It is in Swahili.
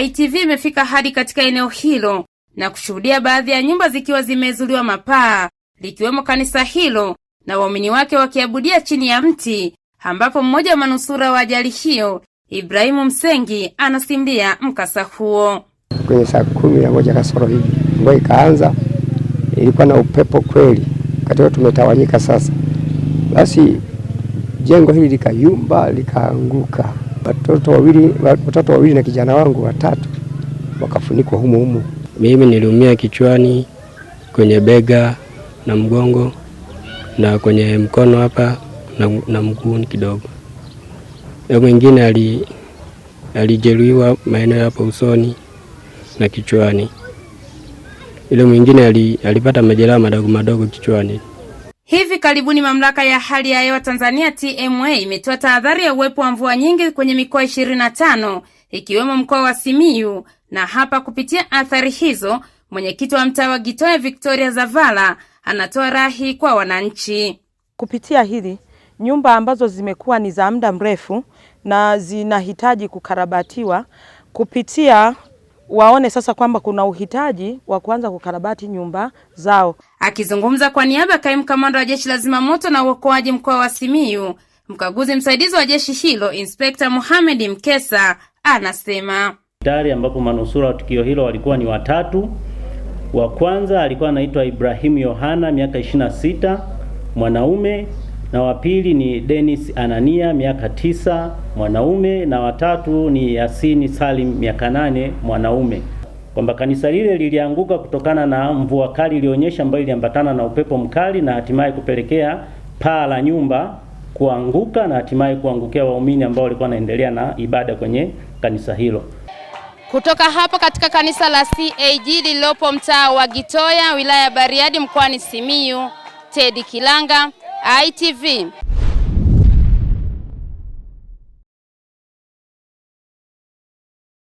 ITV imefika hadi katika eneo hilo na kushuhudia baadhi ya nyumba zikiwa zimezuliwa mapaa likiwemo kanisa hilo na waumini wake wakiabudia chini ya mti, ambapo mmoja wa manusura wa ajali hiyo Ibrahimu Msengi anasimulia mkasa huo. Kwenye saa kumi na moja kasoro hivi ambayo ikaanza, ilikuwa na upepo kweli, katika tumetawanyika sasa. Basi jengo hili likayumba, likaanguka watoto wawili, watoto wawili na kijana wangu watatu wakafunikwa humo humo. Mimi niliumia kichwani, kwenye bega na mgongo na kwenye mkono hapa na, na mguuni kidogo. Mwingine ali alijeruhiwa maeneo hapo usoni na kichwani. Ile mwingine alipata majeraha madogo madogo kichwani. Hivi karibuni mamlaka ya hali ya hewa Tanzania TMA imetoa tahadhari ya uwepo wa mvua nyingi kwenye mikoa 25 ikiwemo mkoa wa Simiyu, na hapa kupitia athari hizo mwenyekiti wa mtaa wa Gitoya Victoria Zavala anatoa rahi kwa wananchi. Kupitia hili nyumba ambazo zimekuwa ni za muda mrefu na zinahitaji kukarabatiwa, kupitia waone sasa kwamba kuna uhitaji wa kuanza kukarabati nyumba zao. Akizungumza kwa niaba ya kaimu kamanda wa jeshi la zimamoto na uokoaji mkoa wa Simiyu, mkaguzi msaidizi wa jeshi hilo Inspekta Mohamed Mkesa anasema tari ambapo manusura wa tukio hilo walikuwa ni watatu. Wa kwanza alikuwa anaitwa Ibrahimu Yohana miaka 26 mwanaume, na wa pili ni Dennis Anania miaka tisa mwanaume, na watatu ni Yasini Salim miaka nane mwanaume kwamba kanisa lile lilianguka kutokana na mvua kali iliyonyesha ambayo iliambatana na upepo mkali na hatimaye kupelekea paa la nyumba kuanguka na hatimaye kuangukia waumini ambao walikuwa wanaendelea na ibada kwenye kanisa hilo. Kutoka hapa katika kanisa la CAG lililopo mtaa wa Gitoya, wilaya ya Bariadi, mkoani Simiyu, Tedi Kilanga, ITV.